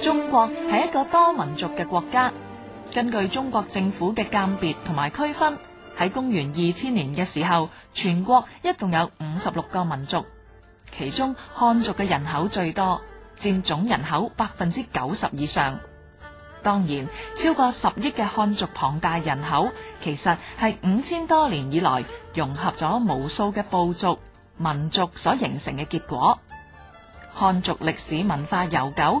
中國係一個多民族嘅國家。根據中國政府嘅鑒別同埋區分，喺公元二千年嘅時候，全國一共有五十六個民族，其中漢族嘅人口最多，佔總人口百分之九十以上。當然，超過十億嘅漢族龐大人口，其實係五千多年以來融合咗無數嘅部族、民族所形成嘅結果。漢族歷史文化悠久。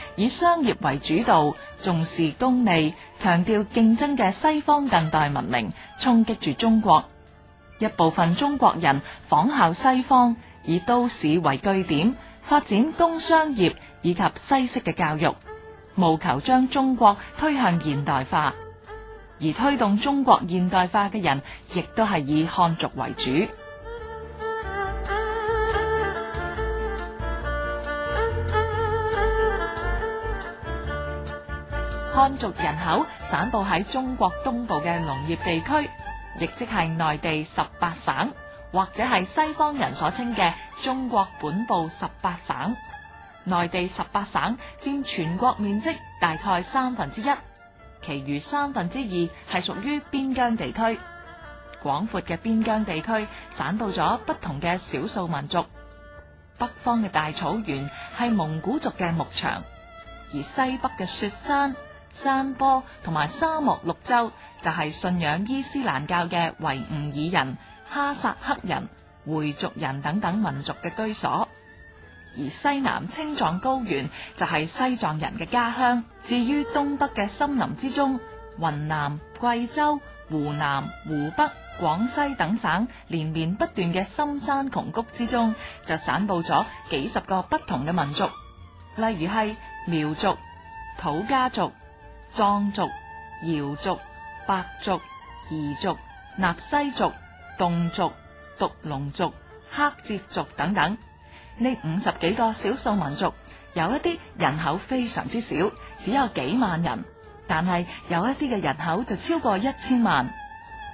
以商業為主導，重視功利，強調競爭嘅西方近代文明，衝擊住中國。一部分中國人仿效西方，以都市為據點，發展工商業以及西式嘅教育，務求將中國推向現代化。而推動中國現代化嘅人，亦都係以漢族為主。漢族人口散布喺中國東部嘅農業地區，亦即係內地十八省，或者係西方人所稱嘅中國本部十八省。內地十八省佔全國面積大概三分之一，其餘三分之二係屬於邊疆地區。廣闊嘅邊疆地區散布咗不同嘅少數民族。北方嘅大草原係蒙古族嘅牧場，而西北嘅雪山。山坡同埋沙漠綠洲就係信仰伊斯蘭教嘅維吾爾人、哈薩克人、回族人等等民族嘅居所；而西南青藏高原就係西藏人嘅家鄉。至於東北嘅森林之中，雲南、貴州、湖南、湖北、廣西等省連綿不斷嘅深山窮谷之中，就散布咗幾十個不同嘅民族，例如係苗族、土家族。壯族、瑤族、白族、彝族、納西族、侗族、獨龍族、赫哲族等等，呢五十幾個少數民族，有一啲人口非常之少，只有幾萬人，但係有一啲嘅人口就超過一千萬。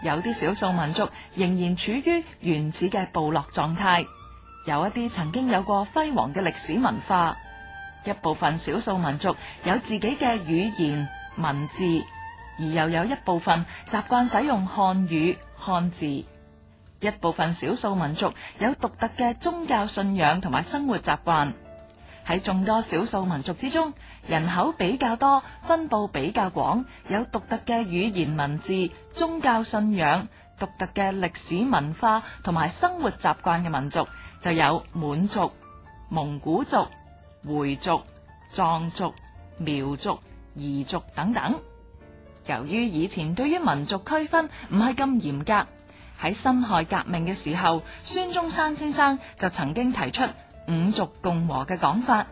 有啲少數民族仍然處於原始嘅部落狀態，有一啲曾經有過輝煌嘅歷史文化，一部分少數民族有自己嘅語言、文字，而又有一部分習慣使用漢語漢字；一部分少數民族有獨特嘅宗教信仰同埋生活習慣。喺眾多少數民族之中，人口比較多、分布比較廣、有獨特嘅語言文字、宗教信仰、獨特嘅歷史文化同埋生活習慣嘅民族，就有滿族、蒙古族、回族、藏族、苗族。彝族等等，由於以前對於民族區分唔係咁嚴格，喺辛亥革命嘅時候，孫中山先生就曾經提出五族共和嘅講法，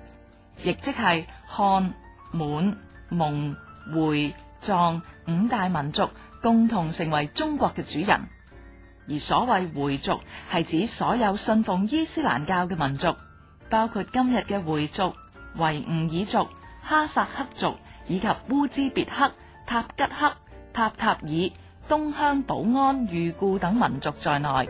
亦即係漢、滿、蒙、回、藏五大民族共同成為中國嘅主人。而所謂回族，係指所有信奉伊斯蘭教嘅民族，包括今日嘅回族、維吾爾族、哈薩克族。以及烏茲別克、塔吉克、塔塔爾、東鄉、保安、裕固等民族在內。